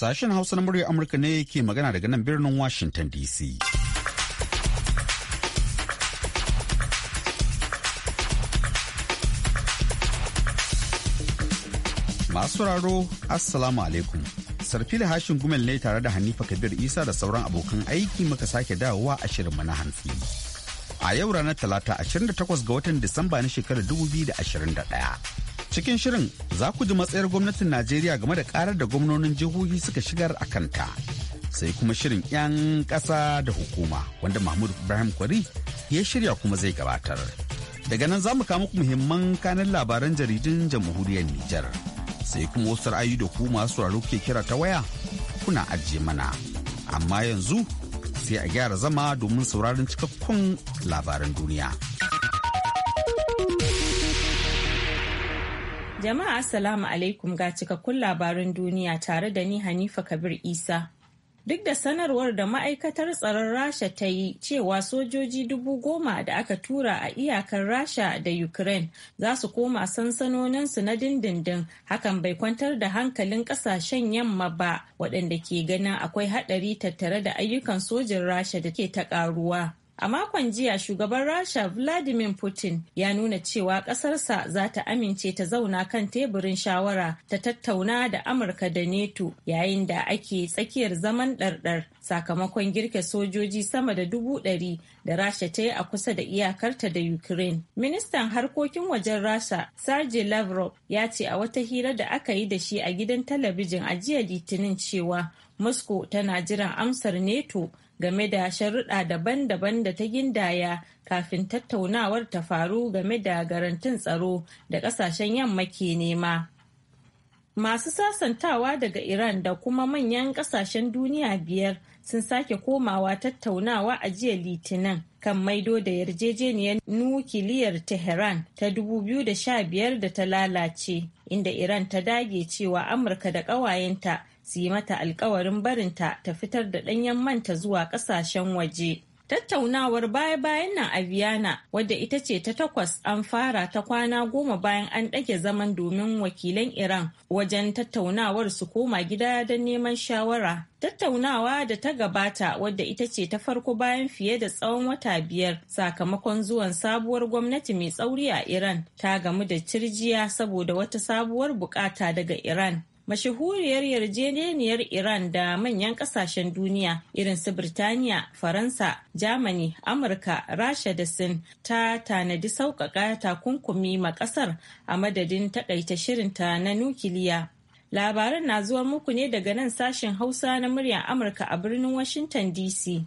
Sashen Hausa na muryar Amurka ne ke magana daga nan birnin Washington DC. Masu raro, Assalamu alaikum. Sarfili hashin gumel ne tare da Hanifa Kabir Isa da sauran abokan aiki muka sake dawowa a shirinmu na hantsi. A yau ranar Talata 28 ga watan Disamba na shekarar 2021. Cikin shirin za ku ji matsayar gwamnatin Najeriya game da karar da gwamnonin jihohi suka shigar a kanta. Sai kuma shirin 'yan ƙasa da hukuma wanda Mahmud Ibrahim Kwari ya shirya kuma zai gabatar. Daga nan za mu kama ku muhimman kanin labaran jaridun jamhuriyar Nijar. Sai kuma wasu ra'ayi da ku masu sauraro ke kira ta waya kuna ajiye mana. Amma yanzu sai a gyara zama domin sauraron cikakkun labaran duniya. Jama'a Assalamu alaikum ga cikakkun Labarun duniya tare da ni Hanifa Kabir Isa. Duk da sanarwar da ma'aikatar tsaron Rasha ta yi cewa sojoji dubu goma da aka tura a iyakar Rasha da Ukraine za su koma sansanoninsu na dindindin hakan bai kwantar da hankalin kasashen yamma ba waɗanda ke ganin akwai haɗari tattare da ayyukan sojin Rasha da ke ta ƙaruwa. A makon jiya shugaban Rasha Vladimir Putin ya nuna cewa ƙasarsa za ta amince ta zauna kan teburin shawara ta tattauna da Amurka da NATO yayin da ake tsakiyar zaman ɗarɗar sakamakon girke sojoji sama da dubu ɗari da Rasha ta yi a kusa da iyakarta da Ukraine. Ministan harkokin wajen Rasha Sergei Lavrov ya ce a wata hira da aka yi da shi a gidan talabijin a jiya Litinin cewa Moscow tana jiran amsar NATO game da sharuɗa daban-daban da ta gindaya kafin tattaunawar ta faru game da garantin tsaro da ƙasashen yamma ke nema. Masu sasantawa daga Iran da kuma manyan ƙasashen duniya biyar sun sake komawa tattaunawa a jiya Litinin kan maido da yarjejeniyar nukiliyar Tehran ta 2015 da ta lalace, inda Iran ta dage cewa Amurka da ƙawayenta su yi mata alkawarin barinta ta fitar da ɗanyen manta zuwa ƙasashen waje. Tattaunawar baya-bayan nan a viana wadda ita ce ta takwas an fara ta kwana goma bayan an ɗage zaman domin wakilan Iran wajen tattaunawar su koma gida don neman shawara. Tattaunawa da ta gabata wadda ita ce ta farko bayan fiye da tsawon wata biyar sakamakon zuwan sabuwar gwamnati mai tsauri a Iran ta gamu da cirjiya saboda wata sabuwar bukata daga Iran. mashahuriyar yarjejeniyar Iran da manyan kasashen duniya irin su Birtaniya, Faransa, Germany, Amurka, Rasha da Sin ta tanadi sauƙaƙa takunkumi ma ƙasar a madadin takaita shirinta na nukiliya. Labaran na zuwa muku ne daga nan sashen Hausa na muryar Amurka a birnin Washington DC.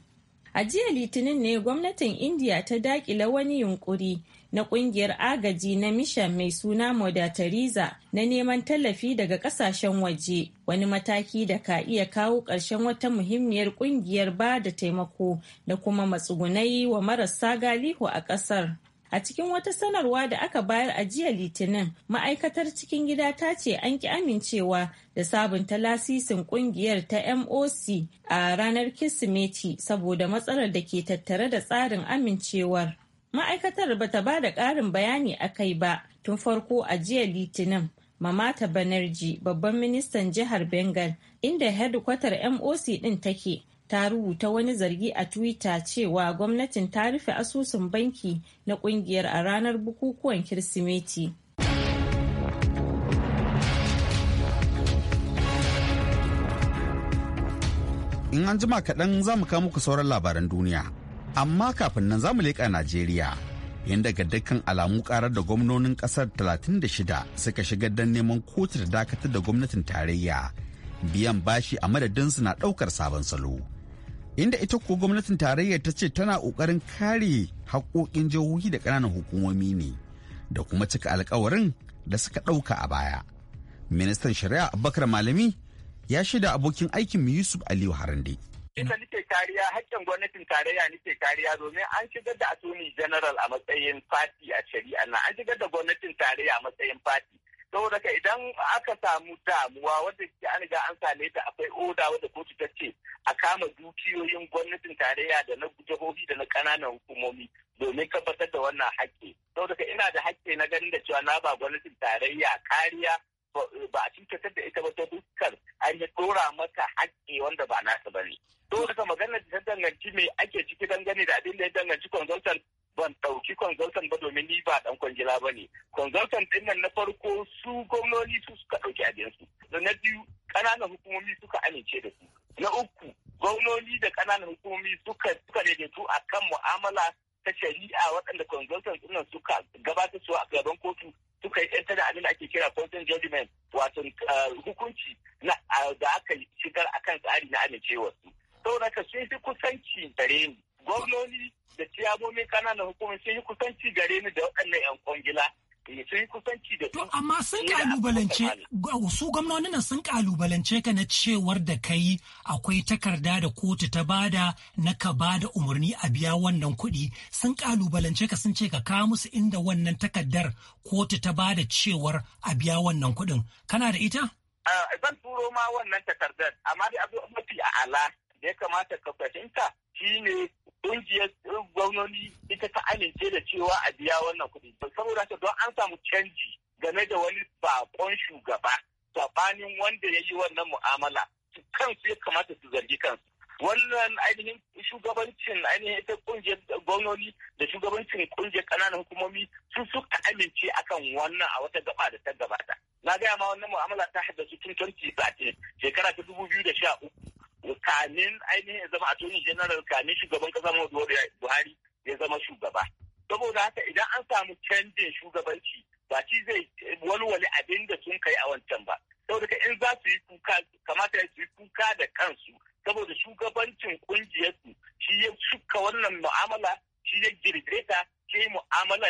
A jiya Litinin ne gwamnatin India ta daƙile wani yunƙuri na kungiyar agaji na mishan mai suna Moda Teresa na neman tallafi daga kasashen waje wani mataki da ka iya kawo ƙarshen wata muhimmiyar kungiyar ba da taimako da kuma matsugunai wa marasa galihu a ƙasar. A cikin wata sanarwa da aka bayar a jiya Litinin, ma'aikatar cikin gida ta ce an ki amincewa da sabunta lasisin kungiyar ta MOC a ranar Kirsimeti saboda matsalar da ke tattare da tsarin amincewar. ma'aikatar ba ta ba da ƙarin bayani a kai ba tun farko a jiya litinin mamata banerji babban ministan jihar bengal inda hedkwatar moc din take ta rubuta wani zargi a twitter cewa gwamnatin ta rufe asusun banki na kungiyar a ranar bukukuwan kirsimeti in an jima kaɗan za mu muku sauran labaran duniya amma kafin nan zamu leƙa najeriya yadda ga dukkan alamu karar da gwamnonin kasar 36 suka shiga don neman kotu da dakatar da gwamnatin tarayya biyan bashi a madadinsu na ɗaukar sabon salo inda ita ko gwamnatin tarayya ta ce tana ƙoƙarin kare haƙoƙin jihohi da ƙananan hukumomi ne da kuma cika alkawarin da suka ɗauka a baya ministan shari'a abubakar malami ya shaida abokin aikin yusuf aliyu harande Ita nike kariya hakkin gwamnatin tarayya nike kariya domin an shigar da attorney general a matsayin fati a shari'a na an shigar da gwamnatin tarayya a matsayin fati. Saboda ka idan aka samu damuwa wadda ke an ga an same ta akwai oda wadda kotu ta ce a kama dukiyoyin gwamnatin tarayya da na jihohi da na kananan hukumomi domin tabbatar da wannan haƙƙi. Saboda ka ina da haƙƙi na ganin da cewa na ba gwamnatin tarayya kariya ba a cutar da ita ba ta dukkan an yi dora maka haƙƙi wanda ba nasa ba ne. To daga maganar da ta danganci mai ake ciki dangane da abin da ya danganci consultant ban ɗauki consultant ba domin ni ba ɗan kwangila ba ne. Consultant ɗin nan na farko su gwamnoni su suka ɗauki abinsu. Da na biyu ƙananan hukumomi suka amince da su. Na uku gwamnoni da ƙananan hukumomi suka suka daidaitu a kan mu'amala ta shari'a waɗanda consultant ɗin suka gabatar su a gaban kotu suka yi ɗan da abin ake kira content judgment wato eh, hukunci da aka shigar a kan tsari na su. Saboda ka sun fi kusanci gare ni. Gwamnoni da ciyamomin kananan hukumar sun yi kusanci gare ni da waɗannan 'yan kwangila Eh, sun kusanci da To amma sun kalubalance su gwamnonin sun kalubalance ka na cewar da kai akwai takarda da kotu ta bada na ka bada umarni a biya wannan kuɗi sun kalubalance ka sun ce ka kawo musu inda wannan takardar kotu ta bada cewar a biya wannan kuɗin kana da ita? Zan turo ma wannan takardar amma da abu mafi a ala da ya kamata ka fahimta shine ƙungiyar gwamnoni ita ta amince da cewa a biya wannan kuɗi. Saboda ta don an samu canji game da wani bakon shugaba sabanin wanda ya yi wannan mu'amala kansu ya kamata su zargi kansu. Wannan ainihin shugabancin ainihin ita ƙungiyar gwamnoni da shugabancin ƙungiyar ƙananan hukumomi su suka amince akan wannan a wata gaba da ta gabata. Na gaya ma wannan mu'amala ta haddasa tun 2013 shekara ta 2013. kamin ainihin ya zama tuni general kamin shugaban kasa Muhammadu Buhari ya zama shugaba. Saboda haka idan an samu canjin shugabanci ba shi zai walwale abin da sun kai a wancan ba. Saboda ka in za su yi kuka kamata su yi kuka da kansu saboda shugabancin kungiyarsu shi ya shuka wannan mu'amala shi ya girgire ta shi ya mu'amala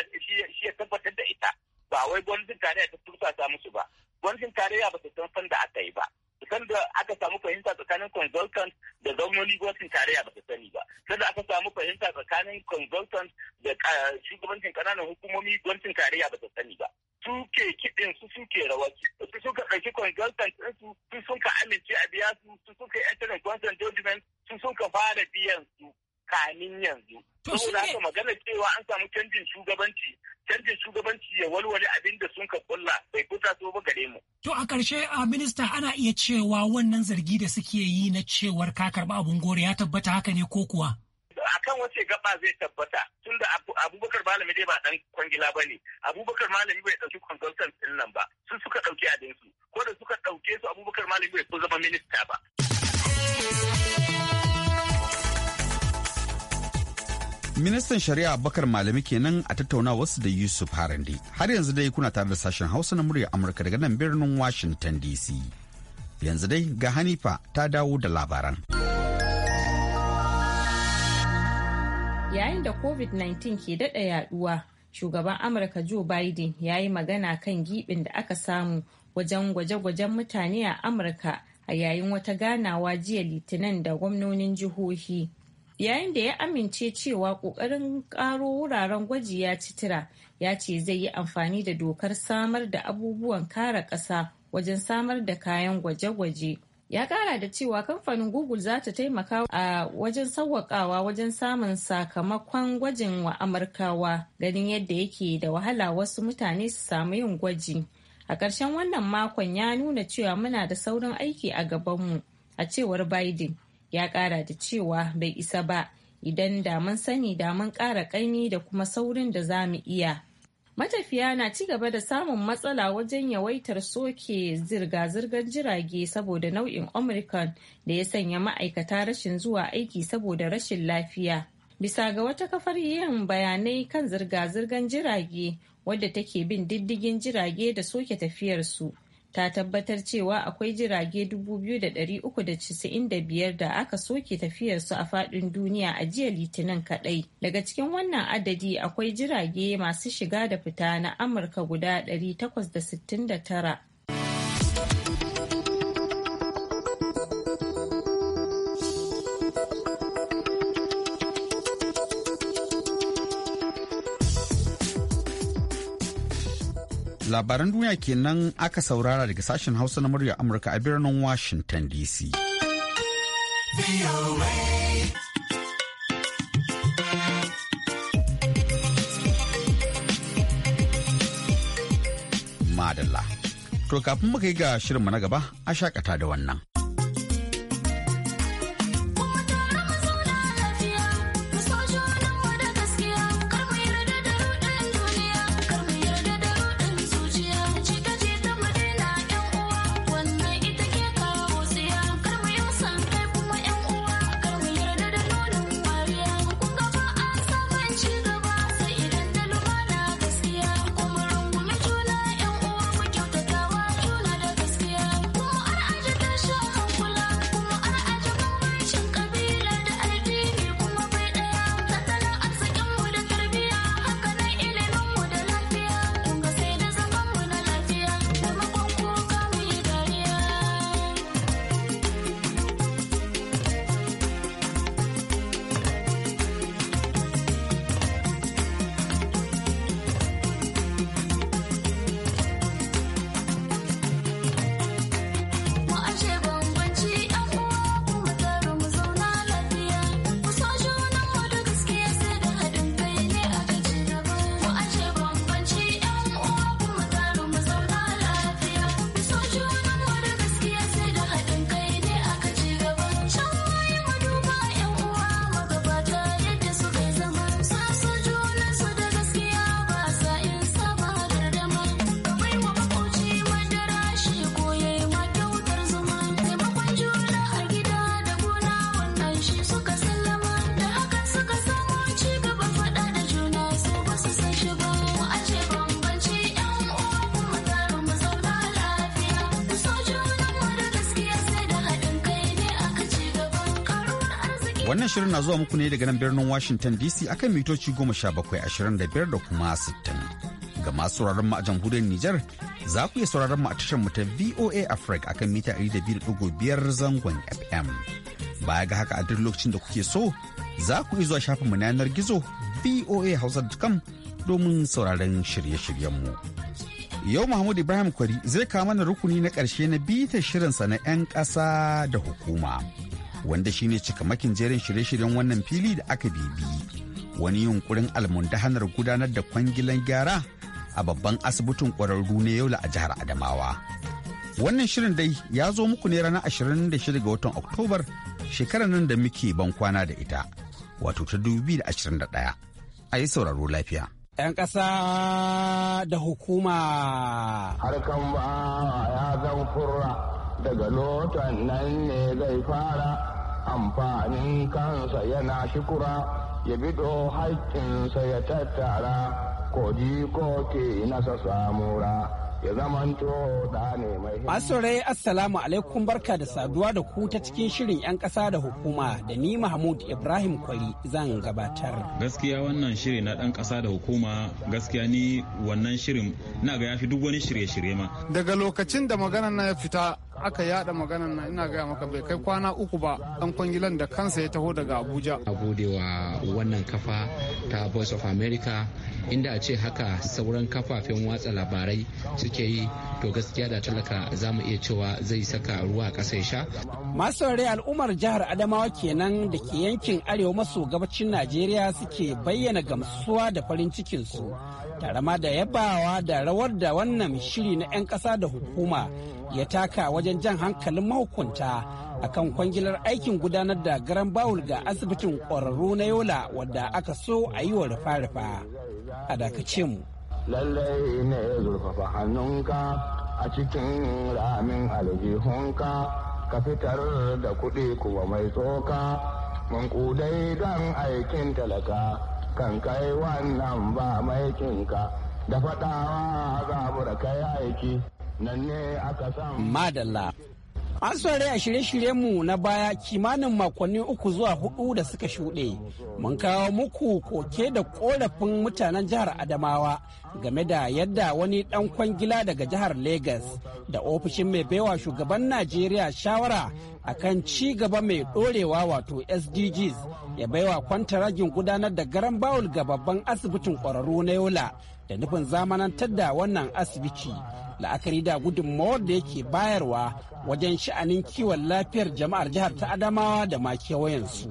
shi ya tabbatar da ita ba wai gwamnatin tarayya ta tursa ta musu ba gwamnatin tarayya ba ta san da aka yi ba da aka samu fahimta tsakanin consultant da gwamnoni gwamnatin tarayya ba ta sani ba sanda aka samu fahimta tsakanin consultant da ah, shugabancin kananan hukumomi gwamnatin tarayya ba ta sani ba suke kiɗin su suke rawa su suka ɗauki consultant su su suka amince a biya su su suka yi internet judgment su suka fara biyan su tsakanin yanzu. Saboda haka magana cewa an samu canjin shugabanci, canjin shugabanci ya walwale abin da sun ka kulla bai kusa so ba gare mu. To a ƙarshe a minista ana iya cewa wannan zargi da suke yi na cewar ka karɓi abun gore ya tabbata haka ne ko kuwa? akan wace gaba zai tabbata tun da abubakar malami dai ba dan kwangila ba ne abubakar malami bai ɗauki kwangilsan din nan ba su suka ɗauki abin ko da suka ɗauke su abubakar malami bai ko zama minista ba Ministan Shari'a Bakar Malami kenan a tattaunawarsu da Yusuf Harande. Har yanzu dai kuna tare da sashen Hausa na murya Amurka daga nan birnin Washington DC. Yanzu dai ga Hanifa ta dawo da labaran. Yayin da COVID-19 ke daɗa yaduwa, shugaban Amurka Joe Biden ya yi magana kan giɓin da aka samu wajen gwaje-gwajen mutane a Amurka a yayin wata ganawa jiya Litinin da gwamnonin jihohi. yayin da ya amince cewa ƙoƙarin ƙaro wuraren gwaji ya ci ya ce zai yi amfani da dokar samar da abubuwan kare ƙasa wajen samar da kayan gwaje-gwaje ya kara da cewa kamfanin google za ta taimaka a wajen sauwakawa wajen samun sakamakon gwajin wa amurkawa ganin yadda yake da wahala wasu mutane su samu yin gwaji a ƙarshen wannan makon ya nuna cewa muna da saurin aiki a gabanmu a cewar biden ya kara da cewa bai isa ba idan da mun sani da mun kara kaini da kuma saurin da za mu iya matafiya na ci gaba da samun matsala wajen yawaitar soke zirga-zirgar jirage saboda nau'in omicron da ya sanya ma'aikata rashin zuwa aiki saboda rashin lafiya bisa ga wata kafar yin bayanai kan zirga-zirgar jirage wadda take bin diddigin jirage da soke tafiyarsu ta tabbatar cewa akwai jirage 2,395 da aka soke tafiyarsu a faɗin duniya a jiya litinin kaɗai. Daga cikin wannan adadi akwai jirage masu shiga da fita na Amurka guda 869 labaran duniya kenan aka saurara daga sashen hausa na murya amurka a birnin washington dc madalla to kafin muka yi ga shirinmu na gaba a shakata da wannan Wannan shirin na zuwa muku ne daga nan birnin Washington DC akan mitoci goma 1725 da kuma 60. Ga masu sauraron mu a jamhuriyar Nijar za ku iya sauraron mu a tashar mu ta VOA Africa akan mita 200.5 zangon FM. Baya ga haka a duk lokacin da kuke so za ku iya zuwa shafin mu na yanar gizo voahausa.com domin sauraron shirye-shiryen mu. Yau Mahmud Ibrahim Kwari zai kawo mana rukuni na ƙarshe na bita shirinsa na 'yan ƙasa da hukuma. wanda shine cikamakin jerin shirye-shiryen wannan fili da aka bibi wani yunkurin almundahanar gudanar da kwangilan gyara a babban asibitin ƙwararru na yau a jihar adamawa wannan shirin dai ya zo muku ne ranar 26 ga watan oktobar shekarar nan da muke ban kwana da ita wato ta 2021 a yi sauraro lafiya 'yan ƙasa da hukuma harkan ba ya zan kurra daga lotan nan ne zai fara amfanin kansa yana shikura ya bido haƙƙinsa ya tattara koji ko ke nasa samura ya zamanto da ne mai Asore assalamu alaikum barka da saduwa da ku ta cikin shirin 'yan ƙasa da hukuma da ni Mahmud Ibrahim Kwari zan gabatar. Gaskiya wannan shiri na ɗan ƙasa da hukuma gaskiya ni wannan shirin na ga ya fi duk wani shirye-shirye ma. Daga lokacin da magana na ya fita aka yada maganan na ina gaya maka bai kai kwana uku ba dan kwangilan da kansa ya taho daga abuja a gode wa wannan kafa ta voice of america inda a ce haka sauran kafafen watsa labarai suke yi to gaskiya da talaka za mu iya cewa zai saka ruwa ƙasa sha masu al'ummar jihar adamawa kenan da ke yankin arewa maso gabacin najeriya suke bayyana gamsuwa da farin cikinsu tare ma da yabawa da rawar da wannan shiri na 'yan ƙasa da hukuma ya taka wajen jan hankalin mahukunta akan kwangilar aikin gudanar da garan bawul ga asibitin ƙwararru na yola wadda aka so a yi wa rufa-rufa a dakace mu lallai ne zurfafa hannunka a cikin ramin aljihunka ka fitar da kuɗi kuma mai tsoka mankudai don aikin talaka kan kai wannan ba maikinka da faɗawa za mu da aiki nan ne madalla an rai a shirye mu na baya kimanin makonni uku zuwa hudu da suka shuɗe mun kawo muku koke da korafin mutanen jihar adamawa game da yadda wani ɗan kwangila daga jihar Legas da ofishin mai baiwa shugaban najeriya shawara akan ci gaba mai ɗorewa wato sdgs ya baiwa kwantaragin gudanar da garan bawul ga babban asibitin kwararru na yola da nufin zamanantar da wannan asibiti la'akari da gudunmawar da yake bayarwa wajen sha'anin kiwon lafiyar jama'ar jihar ta adamawa da ma kewayensu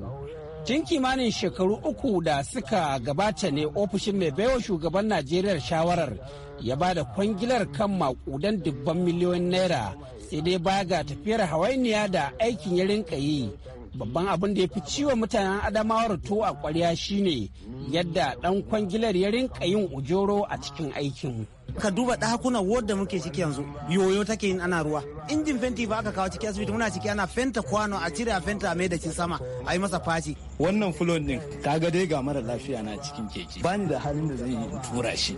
tun kimanin shekaru uku da suka gabata ne ofishin mai baiwa shugaban najeriya shawarar ya ba da kwangilar kan makudan dubban miliyoyin naira sai dai baya ga tafiyar hawainiya da aikin ya rinka yi babban abin da ya fi ciwo mutanen adamawar to a kwarya shine yadda dan kwangilar ya rinka yin ujoro a cikin aikin ka duba ɗakunan wadda muke ciki yanzu yoyo take yin ana ruwa injin fenti ba aka kawo ciki asibiti muna ciki ana fenta kwano a cire a fenta a mai da sama a yi masa faci wannan fulon din kaga dai ga mara lafiya na cikin keke bani da halin da zai yi tura shi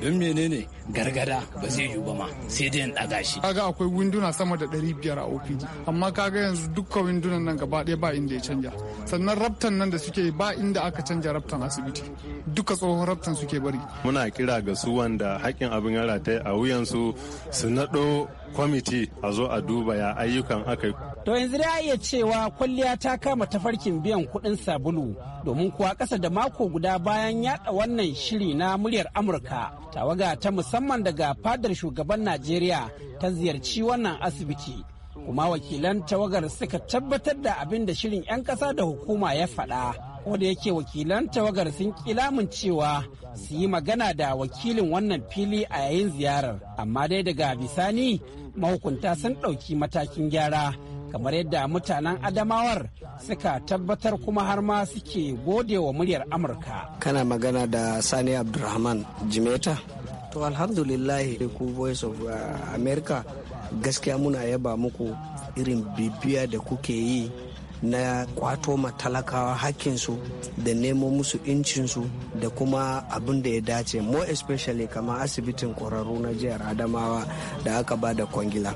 don menene gargada ba zai yi ba ma sai dai in daga shi kaga akwai winduna sama da 500 a OPD amma kaga yanzu dukkan windunan nan gaba ɗaya ba inda ya canja sannan raftan nan da suke ba inda aka canja raftan asibiti duka tsohon raftan suke bari muna kira ga su wanda haƙƙin. cikin abin ya rata a wuyansu su naɗo kwamiti a zo a duba ya ayyukan aka To yanzu dai iya cewa kwalliya ta kama tafarkin biyan kuɗin sabulu domin kuwa ƙasa da mako guda bayan yaɗa wannan shiri na muryar Amurka tawaga ta musamman daga fadar shugaban Najeriya ta ziyarci wannan asibiti. kuma wakilan tawagar suka tabbatar da abin da shirin 'yan ƙasa da hukuma ya faɗa ko da yake wakilan tawagar sun kilamin cewa su yi magana da wakilin wannan fili a yayin ziyarar amma dai daga bisani mahukunta sun ɗauki matakin gyara kamar yadda mutanen adamawar suka tabbatar kuma har ma suke gode wa muryar amurka kana magana da sani abdulrahman jimeta to alhamdulillah ku voice of uh, america gaskiya muna yaba muku irin bibiya da kuke yi na kwato ma talakawa hakkinsu da nemo musu incinsu da kuma abin da ya dace mo especially kama asibitin ƙwararru na jihar adamawa da aka ba da kwangila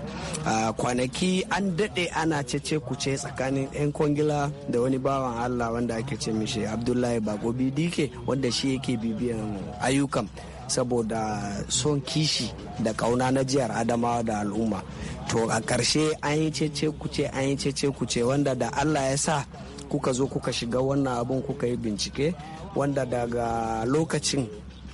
kwanaki an daɗe ana cece kuce tsakanin 'yan kwangila da wani bawan allah wanda ake ce mishi abdullahi bagobi dike wanda shi yake bibiyan ayyukan saboda son kishi da kauna na jihar adamawa da al'umma to a karshe an yi cece kuce an yi cece kuce wanda da allah ya sa kuka zo kuka shiga wannan abin kuka yi bincike wanda daga lokacin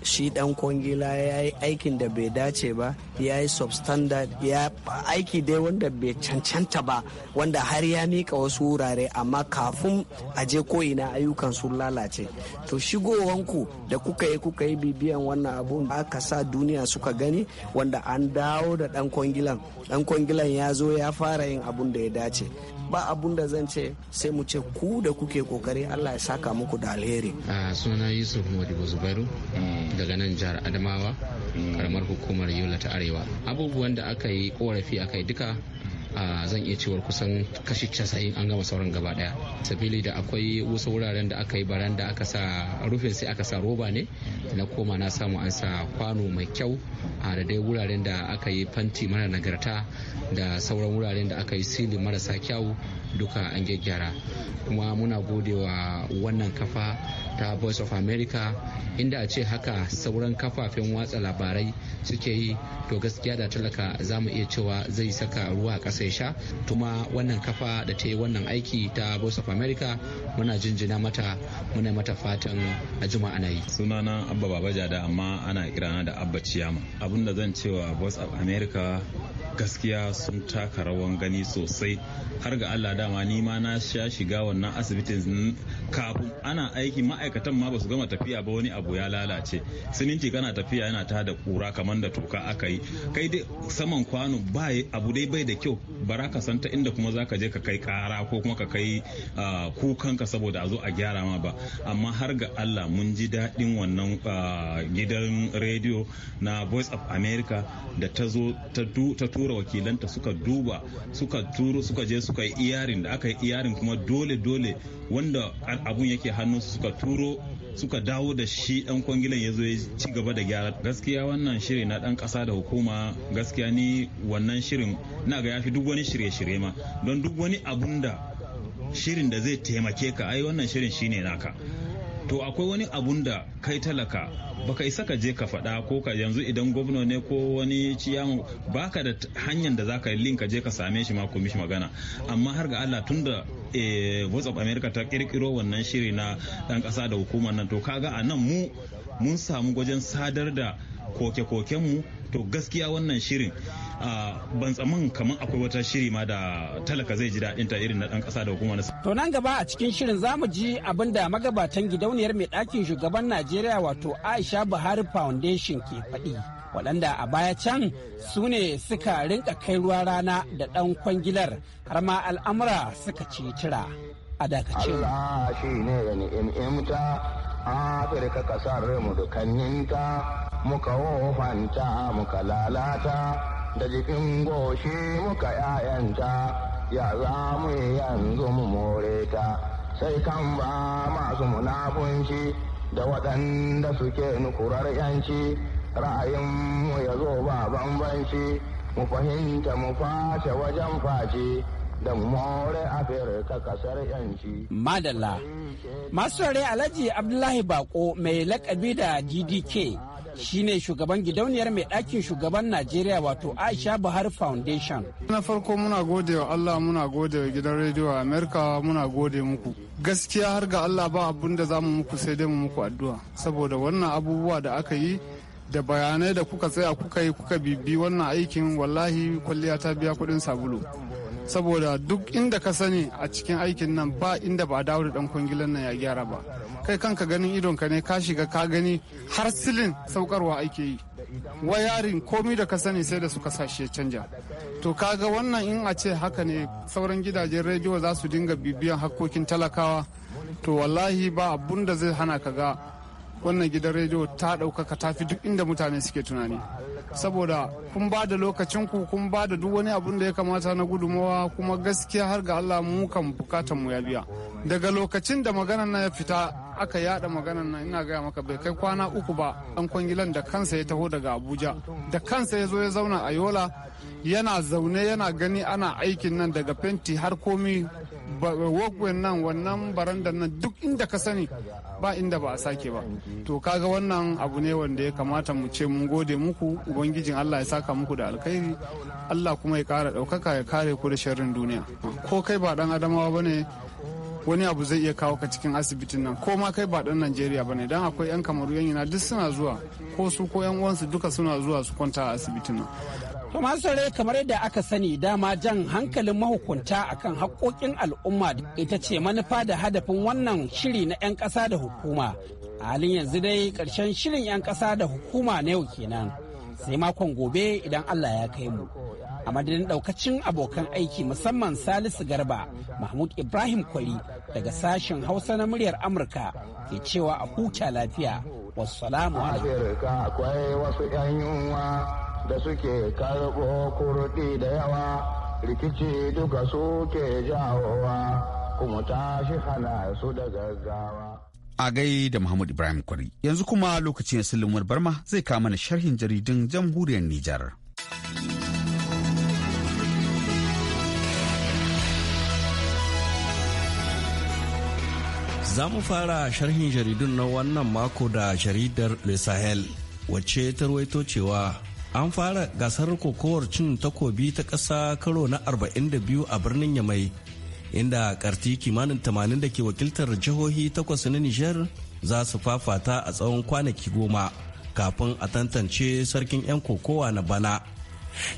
shi dan kwangila ya yi aikin da bai dace ba ya yi substandard ya aiki dai wanda bai cancanta ba wanda har ya mika wasu wurare amma kafin aje je na ayyukan sun lalace to shigowanku da kuka yi kuka yi bibiyan wannan abun aka sa duniya suka gani wanda an dawo da dan kwangilan dan kwangilan ya zo ya fara yin abun da ya dace ba abun da zan ce sai mu ce ku da kuke kokari Allah ya saka muku da alheri a suna Yusuf Modibo Zubairu daga nan jihar Adamawa karamar hukumar Yola ta Arewa abubuwan da aka yi korafi yi duka zan iya cewar kusan kashi casa'in an gama sauran gaba daya sabili da akwai wasu wuraren da aka yi baranda aka sa rufin sai aka sa roba ne na koma na samu an sa kwano mai kyau a da dai wuraren da aka yi fanti mara nagarta da sauran wuraren da aka yi sili marasa kyau duka an gyaggyara kuma muna gode wa wannan kafa ta voice of america inda a ce haka sauran kafafen watsa labarai suke yi to gaskiya da talaka za mu iya cewa zai saka ruwa a ƙasa sha kuma wannan kafa da ta yi wannan aiki ta voice of america muna jinjina mata muna mata fatan a juma ana yi sunana abba da amma ana kirana da abba ciyama abinda zan cewa voice of america gaskiya sun taka rawan gani sosai har ga allah dama ni ma na sha shiga wannan asibitin kafin ana aiki ma'aikatan ma basu gama tafiya ba wani abu ya lalace siminti kana tafiya yana ta da kura kamar da toka aka yi kai dai saman kwano ba abu dai bai da kyau bara ka san ta inda kuma zaka je ka kai kara ko kuma ka kai kukanka saboda a zo a gyara ma ba amma har ga allah mun ji daɗin wannan gidan rediyo na voice of america da ta zo ta tura tura wakilanta suka duba suka turo suka je suka yi iyarin da aka yi iyarin kuma dole dole wanda abun yake hannu suka turo suka dawo da shi dan kwangilan ya zo ya ci gaba da gyara gaskiya wannan shiri na dan kasa da hukuma gaskiya ni wannan shirin na ga yafi duk wani shirye-shirye ma don duk wani abun da shirin da zai taimake ka ai wannan shirin shine naka to akwai wani abun da kai talaka baka isa ka je ka faɗa ko ka yanzu idan gwamna ne ko wani ciyamu baka da hanyar da zaka yi link ka je ka same shi ma ko mishi magana amma har ga Allah tunda da eh, Voice of America ta kirkiro wannan shiri na dan ƙasa da hukumar nan to kaga a nan mu mun samu wajen sadar da koke-kokenmu to gaskiya wannan shirin ban tsaman kamar akwai wata shiri ma da talaka zai ji daɗin ta irin na ɗan ƙasa da hukumar to nan gaba a cikin shirin za mu ji abin da magabatan gidauniyar mai ɗakin shugaban najeriya wato aisha buhari foundation ke faɗi waɗanda a baya can su ne suka rinka kai ruwa rana da ɗan kwangilar har ma al'amura suka ci tira a dakacin. afirka ƙasar mu dukanninta muka wofanta muka lalata da jikin goshi muka yayanta ya za mu yi yanzu mu more ta sai kan ba masu munafunci da waɗanda suke nukurar yanci ra'ayin mu ya zo ba bambanci mu fahimta mu face wajen face da more ka kasar yanci. Madalla. Masu rare Alhaji Abdullahi Bako mai lakabi da GDK shi ne shugaban gidauniyar mai ɗakin shugaban Najeriya wato Aisha Buhari Foundation. Na farko muna gode wa Allah muna gode wa gidan rediyo Amerika muna gode muku. Gaskiya har ga Allah ba abun da za mu muku sai dai mu muku addu'a saboda wannan abubuwa da aka yi da bayanai da kuka tsaya kuka yi kuka bibi wannan aikin wallahi kwalliya ta biya kuɗin sabulu. saboda duk inda ka sani a cikin aikin nan ba inda ba dawo da dan kwangilan nan ya gyara ba kai kanka ganin idon ka ne ka shiga ka gani har silin saukarwa ake yi wayarin komi da ka sani sai da suka sashe canja to kaga wannan in a ce haka ne sauran gidajen rediyo za su dinga bibiyan hakkokin talakawa to wallahi ba abun da zai hana ka ga wannan gidan rediyo ta ɗaukaka ta fi duk inda mutane suke tunani saboda kun ba da lokacinku kun ba da duk wani abun da ya kamata na gudumawa kuma gaskiya har ga allah mu kan bukatan mu ya biya daga lokacin da maganan na ya fita aka yada maganan nan ina gaya maka bai kai kwana uku ba an kwangilan da kansa ya taho daga abuja da kansa ya zo ya zauna a yola yana zaune yana gani ana aikin nan daga fenti har komi walkway nan wannan barandar nan duk inda ka sani ba inda ba a sake ba to kaga wannan abu ne wanda ya kamata mu ce mun gode muku ubangijin Allah ya saka muku da alkhairi Allah kuma ya kara daukaka ya kare ku da sharrin duniya ko kai ba dan adamawa bane wani abu zai iya kawo ka cikin asibitin nan ko ma kai ba dan Najeriya bane dan akwai yan kamaru yan yana duk suna zuwa ko su ko yan uwansu duka suna zuwa su kwanta a asibitin nan To masu kamar yadda aka sani dama jan hankalin mahukunta akan haƙoƙin al'umma ita ce manufa da hadafin wannan shiri na 'yan ƙasa da hukuma. A halin yanzu dai ƙarshen shirin 'yan ƙasa da hukuma na yau kenan. Sai makon gobe idan Allah ya kai mu. A madadin ɗaukacin abokan aiki musamman Salisu Garba, Mahmud Ibrahim Kwari daga sashen Hausa na muryar Amurka ke cewa a huta lafiya. Wassalamu alaikum. da suke karɓo kurɗi da yawa rikici duka suke jawowa kuma ta shi hana su da gaggawa. A gai da Muhammad Ibrahim Kwari yanzu kuma lokacin Sulaiman Barma zai kama mana sharhin jaridun jamhuriyar Nijar. Za mu fara sharhin jaridun na wannan mako da jaridar Le Sahel, wacce ta ruwaito cewa an fara gasar kokowar cin takobi ta ƙasa karo na 42 a birnin yamai inda karti kimanin 80 da ke wakiltar jihohi takwas na nijar za su fafata a tsawon kwanaki goma kafin a tantance sarkin 'yan kokowa na bana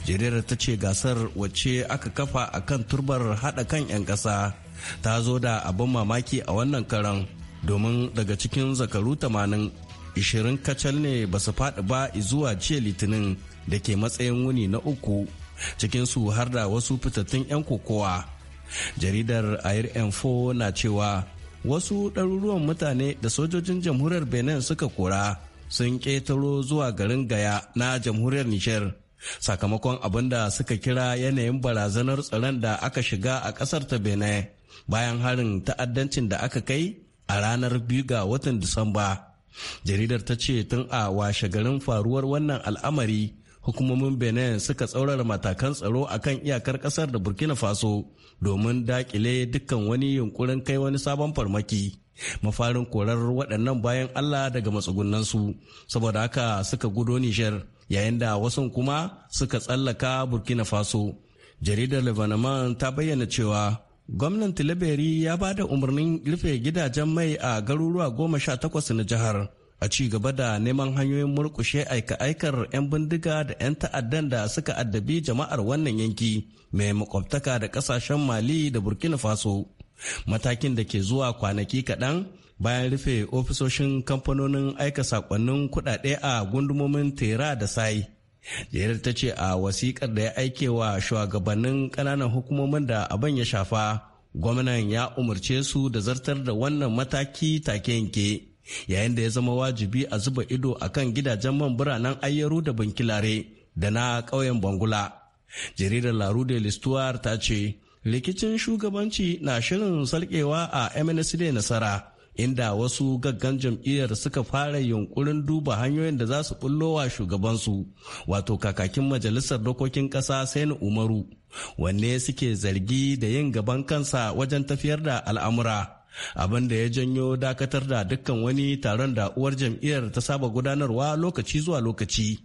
jaridar ta ce gasar wacce aka kafa a kan turbar haɗa kan 'yan ƙasa ta zo da abin mamaki a wannan karan domin daga cikin zakaru 80 ishirin kacal ne ba su faɗi ba zuwa jiya litinin da ke matsayin wuni na uku cikinsu har da wasu fitattun 'yan kokowa jaridar air na cewa wasu ɗaruruwan mutane da sojojin jamhuriyar benin suka kora sun ƙetaro zuwa garin gaya na jamhuriyar nijar sakamakon abin da suka kira yanayin barazanar tsaron da aka shiga a ƙasar ta benin bayan harin ta'addancin da aka kai a ranar biyu ga watan disamba jaridar ta ce tun a washe garin faruwar wannan al'amari hukumomin benin suka tsaurara matakan tsaro a kan iyakar kasar da burkina faso domin dakile dukkan wani yunkurin kai wani sabon farmaki mafarin korar waɗannan bayan allah daga matsugunansu saboda haka suka gudo nishar yayin da wasu kuma suka tsallaka burkina faso jaridar lebanon ta bayyana cewa gwamnan tilaberi ya ba da umarnin rufe gidajen mai a garuruwa goma sha takwas na jihar a ci gaba da neman hanyoyin murkushe aika-aikar 'yan bindiga da 'yan ta'addan da suka addabi jama'ar wannan yanki mai makwabtaka da kasashen mali da burkina faso matakin da ke zuwa kwanaki kaɗan bayan rufe ofisoshin kamfanonin aika saƙonnin kuɗaɗe a gundumomin tera da sai jiyar ta ce a wasikar da ya aike wa shugabannin ƙananan hukumomin da abin ya shafa gwamnan ya umarce su da zartar da wannan mataki take yanke yayin da ya zama wajibi a zuba ido a kan gidajen man biranen ayyaru da bankilare da na ƙauyen bangula jaridar larude listuwar ta ce likicin shugabanci na shirin salkewa a mnsd nasara inda wasu gaggan jam'iyyar suka fara yunkurin duba hanyoyin da za su bullowa shugabansu wato kakakin majalisar dokokin ƙasa na umaru wanne suke zargi da yin gaban kansa wajen tafiyar da al'amura abin da ya janyo dakatar da dukkan wani taron da uwar jam'iyyar ta saba gudanarwa lokaci zuwa lokaci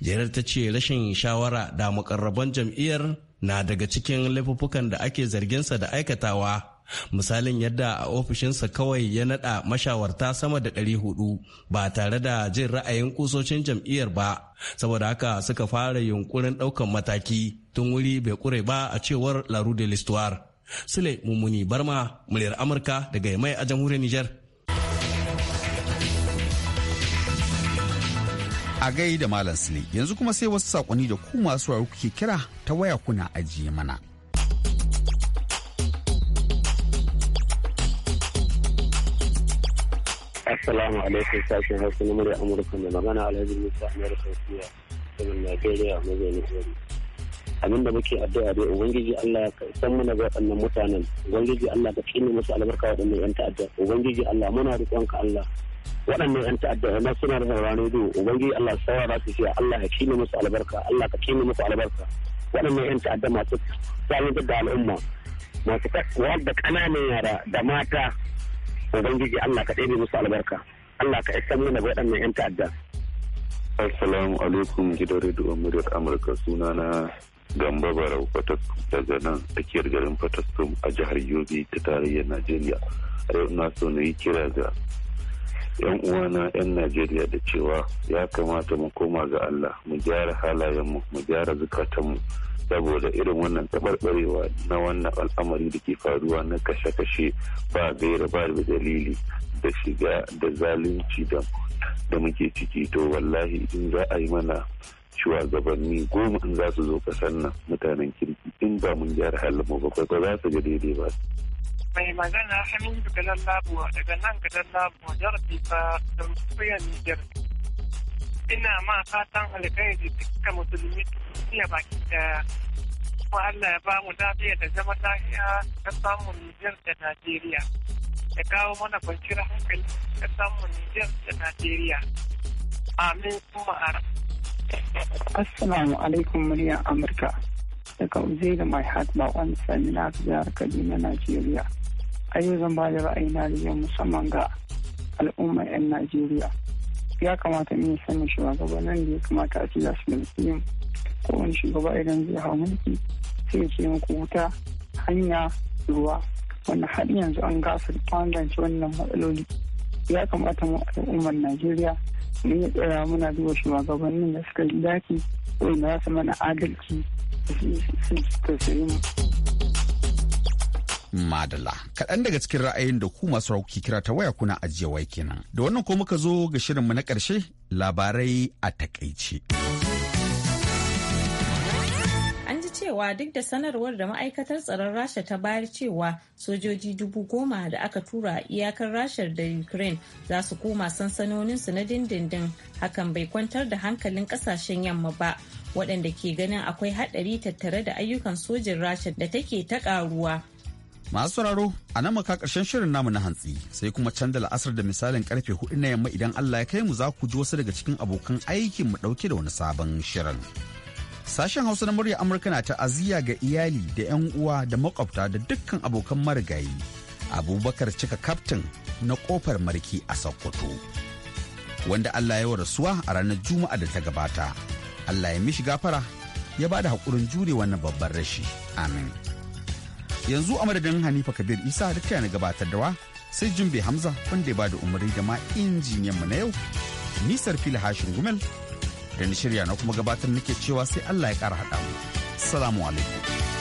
jerar ta ce rashin shawara da mukarraban jam'iyyar na daga cikin laifuffukan da ake zarginsa da aikatawa misalin yadda a ofishinsa kawai ya nada mashawarta sama da ɗari hudu ba tare da jin ra'ayin kusocin jam'iyyar ba saboda haka suka fara yunkurin ɗaukan mataki tun wuri bai kure ba a cewar laru de l'histoire sule mummuni barma muryar amurka daga mai a jamhuriyar niger a gai da malam sule yanzu kuma sai wasu sakonni da ku masu kuke kira ta waya kuna ajiye mana Assalamu alaikum sashen hausa na murya Amurka mai magana Alhaji Musa Amir Sauƙiya daga Najeriya Abinda muke addu'a dai Ubangiji Allah ka san mana ga mutanen Ubangiji Allah ka musu albarka 'yan ta'adda Ubangiji Allah muna roƙonka Allah waɗannan 'yan ta'adda suna da ranar biyu Ubangiji Allah saurara su ce Allah ka kine musu albarka Allah ka musu albarka waɗannan 'yan ta'adda masu tsamin da al'umma masu da ƙananan yara da mata ubangiji Allah ka ɗebe musu albarka Allah ka isar mana ga waɗannan 'yan ta'adda. Assalamu alaikum gidan rediyon muryar Amurka suna na Gamba Barau Fataskum daga nan tsakiyar garin Fataskum a jihar Yobe ta tarayyar Najeriya. A yau na so na yi kira ga 'yan uwana 'yan Najeriya da cewa ya kamata mu koma ga Allah mu gyara halayenmu mu gyara zukatanmu. mu saboda irin wannan taɓarɓarewa na wannan al'amari da ke faruwa na kashe-kashe ba gaira ba da dalili da shiga da zalunci da muke ciki to wallahi in za a yi mana shugabanni goma in za su zo kasar nan mutanen kirki in ba mun gyara halin mu bakwai ba za su ga daidai ba. mai magana hamidu galan labuwa daga nan galan labuwa jarabi ba da nijar ina ma fatan alkhairi kika musulmi ya baki da kuma Allah ya ba mu lafiya da zama lafiya ta samun Nijar da Najeriya. Ya kawo mana kwanciyar hankali ta samun Nijar da Najeriya. Amin kuma ara. Assalamu alaikum muryar Amurka. Daga da Mai Hat ba wani sani na jihar Kaduna, Najeriya. A yau zan ba da ra'ayina da musamman ga al'ummar 'yan Najeriya. ya kamata ne sanin shugabannin da ya kamata a cikin su mulki yin kowane shugaba idan zai hau mulki sai ce yin wuta hanya ruwa wannan har yanzu an gasa tangance wannan matsaloli ya kamata mu al'ummar najeriya mun yi tsaya muna duba shugabannin da suka yi daki wanda za su mana adalci da su tausayi mu. Madala. Kaɗan daga cikin ra'ayin da ku masu rauki kira ta waya kuna ajiyewa kenan. Da wannan ko muka zo ga shirinmu na ƙarshe labarai a takaice. An ji cewa duk da sanarwar da ma'aikatar tsaron Rasha ta bayar cewa sojoji dubu goma da aka tura a iyakar Rashar da Ukraine za su koma sansanoninsu na dindindin hakan bai kwantar da hankalin kasashen yamma ba. waɗanda ke ganin akwai haɗari tattare da ayyukan sojin rasha da take ta ƙaruwa Masu sauraro a nan maka karshen shirin namu na hantsi sai kuma canza la'asar da misalin karfe hudu na yamma idan Allah ya kai mu za ku ji wasu daga cikin abokan aikin mu dauke da wani sabon shirin. Sashen Hausa na murya Amurka na ta'aziyya ga iyali da 'yan uwa da makwabta da dukkan abokan marigayi. Abubakar cika kaftin na kofar marki a Sokoto. Wanda Allah ya rasuwa a ranar Juma'a da ta gabata. Allah ya mishi gafara ya ba da haƙurin jure wannan babban rashi. Amin. yanzu a madadin hanifa kabir isa da ta na gabatar da wa sai jimbe hamza wanda ya bada umarni da ma injiniyan mu na yau nisar fili hashin gumel da ni shirya na kuma gabatar nake cewa sai allah ya kara haɗa mu salamu alaikum